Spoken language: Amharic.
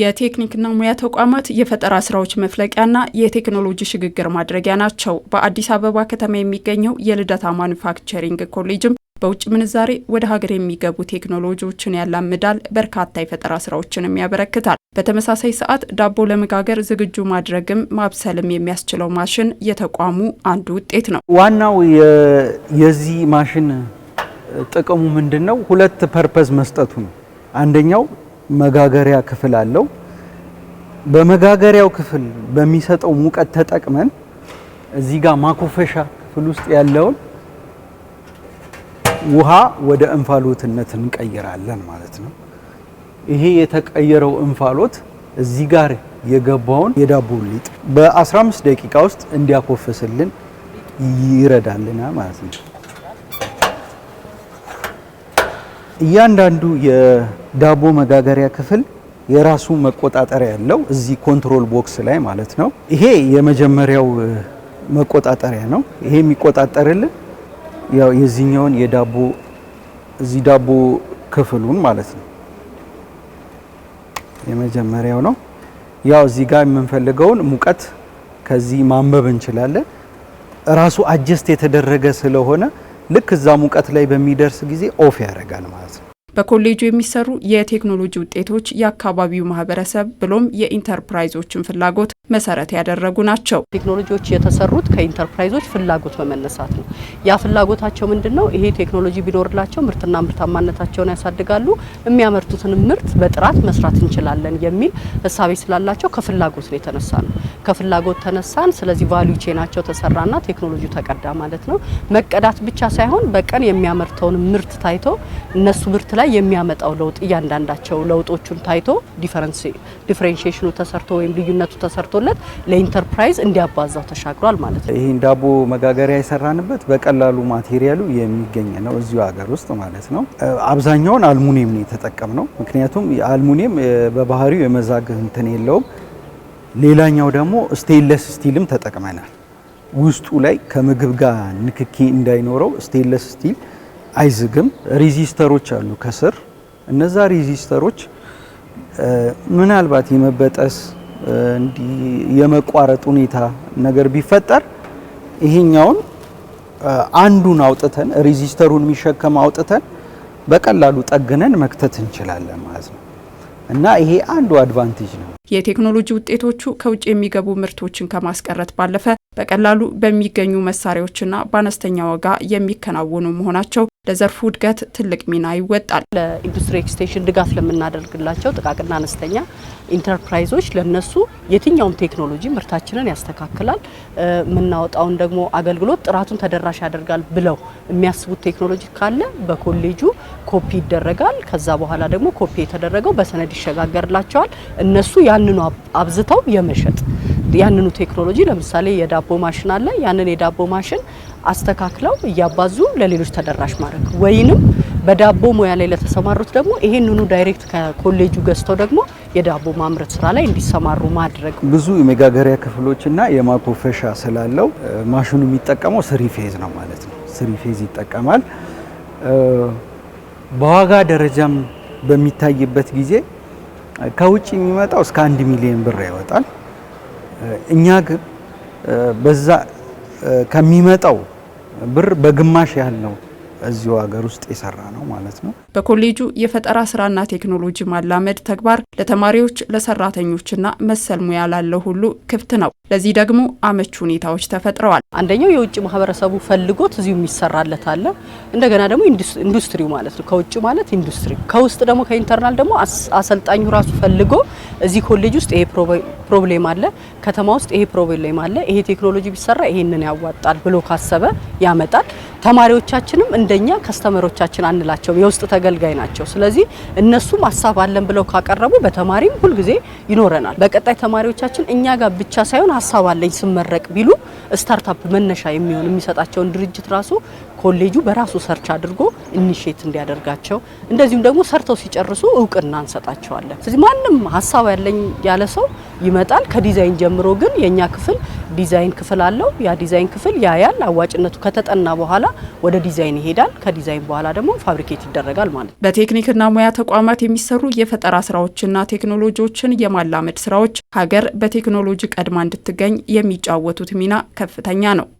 የቴክኒክና ሙያ ተቋማት የፈጠራ ስራዎች መፍለቂያና የቴክኖሎጂ ሽግግር ማድረጊያ ናቸው። በአዲስ አበባ ከተማ የሚገኘው የልደታ ማኑፋክቸሪንግ ኮሌጅም በውጭ ምንዛሬ ወደ ሀገር የሚገቡ ቴክኖሎጂዎችን ያላምዳል፣ በርካታ የፈጠራ ስራዎችንም ያበረክታል። በተመሳሳይ ሰዓት ዳቦ ለመጋገር ዝግጁ ማድረግም ማብሰልም የሚያስችለው ማሽን የተቋሙ አንዱ ውጤት ነው። ዋናው የዚህ ማሽን ጥቅሙ ምንድን ነው? ሁለት ፐርፐዝ መስጠቱ ነው። አንደኛው መጋገሪያ ክፍል አለው። በመጋገሪያው ክፍል በሚሰጠው ሙቀት ተጠቅመን እዚህ ጋር ማኮፈሻ ክፍል ውስጥ ያለውን ውሃ ወደ እንፋሎትነት እንቀይራለን ማለት ነው። ይሄ የተቀየረው እንፋሎት እዚህ ጋር የገባውን የዳቦ ሊጥ በ15 ደቂቃ ውስጥ እንዲያኮፍስልን ይረዳልና ማለት ነው። እያንዳንዱ ዳቦ መጋገሪያ ክፍል የራሱ መቆጣጠሪያ ያለው እዚህ ኮንትሮል ቦክስ ላይ ማለት ነው። ይሄ የመጀመሪያው መቆጣጠሪያ ነው። ይሄ የሚቆጣጠርልን ያው የዚህኛውን የዳቦ እዚህ ዳቦ ክፍሉን ማለት ነው። የመጀመሪያው ነው። ያው እዚህ ጋር የምንፈልገውን ሙቀት ከዚህ ማንበብ እንችላለን። ራሱ አጀስት የተደረገ ስለሆነ ልክ እዛ ሙቀት ላይ በሚደርስ ጊዜ ኦፍ ያደርጋል ማለት ነው። በኮሌጁ የሚሰሩ የቴክኖሎጂ ውጤቶች የአካባቢው ማህበረሰብ ብሎም የኢንተርፕራይዞችን ፍላጎት መሰረት ያደረጉ ናቸው። ቴክኖሎጂዎች የተሰሩት ከኢንተርፕራይዞች ፍላጎት በመነሳት ነው። ያ ፍላጎታቸው ምንድን ነው? ይሄ ቴክኖሎጂ ቢኖርላቸው ምርትና ምርታማነታቸውን ያሳድጋሉ፣ የሚያመርቱትን ምርት በጥራት መስራት እንችላለን የሚል እሳቤ ስላላቸው ከፍላጎት ነው የተነሳ ነው። ከፍላጎት ተነሳን። ስለዚህ ቫልዩ ቼናቸው ተሰራና ቴክኖሎጂ ተቀዳ ማለት ነው። መቀዳት ብቻ ሳይሆን በቀን የሚያመርተውን ምርት ታይቶ እነሱ ምርት ላይ የሚያመጣው ለውጥ እያንዳንዳቸው ለውጦቹን ታይቶ ዲፈረንሺዬሽኑ ተሰርቶ ወይም ልዩነቱ ተሰርቶለት ለኢንተርፕራይዝ እንዲያባዛው ተሻግሯል ማለት ነው። ይህን ዳቦ መጋገሪያ የሰራንበት በቀላሉ ማቴሪያሉ የሚገኝ ነው እዚሁ ሀገር ውስጥ ማለት ነው። አብዛኛውን አልሙኒየም ነው የተጠቀምነው። ምክንያቱም አልሙኒየም በባህሪው የመዛግህ እንትን የለውም። ሌላኛው ደግሞ ስቴንለስ ስቲልም ተጠቅመናል። ውስጡ ላይ ከምግብ ጋር ንክኪ እንዳይኖረው ስቴንለስ ስቲል አይዝግም። ሬዚስተሮች አሉ ከስር እነዛ ሬዚስተሮች ምናልባት የመበጠስ የመቋረጥ ሁኔታ ነገር ቢፈጠር ይሄኛውን አንዱን አውጥተን ሬዚስተሩን የሚሸከም አውጥተን በቀላሉ ጠግነን መክተት እንችላለን ማለት ነው። እና ይሄ አንዱ አድቫንቴጅ ነው። የቴክኖሎጂ ውጤቶቹ ከውጭ የሚገቡ ምርቶችን ከማስቀረት ባለፈ በቀላሉ በሚገኙ መሳሪያዎችና በአነስተኛ ዋጋ የሚከናወኑ መሆናቸው ለዘርፉ እድገት ትልቅ ሚና ይወጣል። ለኢንዱስትሪ ኤክስቴንሽን ድጋፍ ለምናደርግላቸው ጥቃቅና አነስተኛ ኢንተርፕራይዞች ለነሱ የትኛውም ቴክኖሎጂ ምርታችንን ያስተካክላል፣ የምናወጣውን ደግሞ አገልግሎት ጥራቱን ተደራሽ ያደርጋል ብለው የሚያስቡት ቴክኖሎጂ ካለ በኮሌጁ ኮፒ ይደረጋል። ከዛ በኋላ ደግሞ ኮፒ የተደረገው በሰነድ ይሸጋገርላቸዋል። እነሱ ያንኑ አብዝተው የመሸጥ ያንኑ ቴክኖሎጂ ለምሳሌ የዳቦ ማሽን አለ። ያንን የዳቦ ማሽን አስተካክለው እያባዙ ለሌሎች ተደራሽ ማድረግ ወይንም በዳቦ ሙያ ላይ ለተሰማሩት ደግሞ ይሄንኑ ዳይሬክት ከኮሌጁ ገዝተው ደግሞ የዳቦ ማምረት ስራ ላይ እንዲሰማሩ ማድረግ። ብዙ የመጋገሪያ ክፍሎችና የማኮፈሻ ስላለው ማሽኑ የሚጠቀመው ስሪ ፌዝ ነው ማለት ነው። ስሪ ፌዝ ይጠቀማል። በዋጋ ደረጃም በሚታይበት ጊዜ ከውጭ የሚመጣው እስከ አንድ ሚሊዮን ብር ያወጣል። እኛ ግን በዛ ከሚመጣው ብር በግማሽ ያህል ነው እዚሁ ሀገር ውስጥ የሰራ ነው ማለት ነው። በኮሌጁ የፈጠራ ስራና ቴክኖሎጂ ማላመድ ተግባር ለተማሪዎች ለሰራተኞችና መሰል ሙያ ላለው ሁሉ ክፍት ነው። ለዚህ ደግሞ አመች ሁኔታዎች ተፈጥረዋል። አንደኛው የውጭ ማህበረሰቡ ፈልጎት እዚሁ የሚሰራለት አለ። እንደገና ደግሞ ኢንዱስትሪው ማለት ነው። ከውጭ ማለት ኢንዱስትሪ፣ ከውስጥ ደግሞ ከኢንተርናል ደግሞ አሰልጣኙ ራሱ ፈልጎ እዚህ ኮሌጅ ውስጥ ይሄ ፕሮብሌም አለ፣ ከተማ ውስጥ ይሄ ፕሮብሌም አለ፣ ይሄ ቴክኖሎጂ ቢሰራ ይሄንን ያዋጣል ብሎ ካሰበ ያመጣል። ተማሪዎቻችንም እንደኛ ከስተመሮቻችን አንላቸው፣ የውስጥ ተገልጋይ ናቸው። ስለዚህ እነሱም ሀሳብ አለን ብለው ካቀረቡ በተማሪም ሁልጊዜ ይኖረናል። በቀጣይ ተማሪዎቻችን እኛ ጋር ብቻ ሳይሆን ሀሳብ አለኝ ስመረቅ ቢሉ ስታርታፕ መነሻ የሚሆን የሚሰጣቸውን ድርጅት ራሱ ኮሌጁ በራሱ ሰርች አድርጎ ኢኒሼት እንዲያደርጋቸው እንደዚሁም ደግሞ ሰርተው ሲጨርሱ እውቅና እንሰጣቸዋለን። ስለዚህ ማንም ሀሳብ ያለኝ ያለ ሰው ይመጣል። ከዲዛይን ጀምሮ ግን የእኛ ክፍል ዲዛይን ክፍል አለው። ያ ዲዛይን ክፍል ያያል። አዋጭነቱ ከተጠና በኋላ ወደ ዲዛይን ይሄዳል። ከዲዛይን በኋላ ደግሞ ፋብሪኬት ይደረጋል ማለት ነው። በቴክኒክና ሙያ ተቋማት የሚሰሩ የፈጠራ ስራዎችና ቴክኖሎጂዎችን የማላመድ ስራዎች ሀገር በቴክኖሎጂ ቀድማ እንድትገኝ የሚጫወቱት ሚና ከፍተኛ ነው።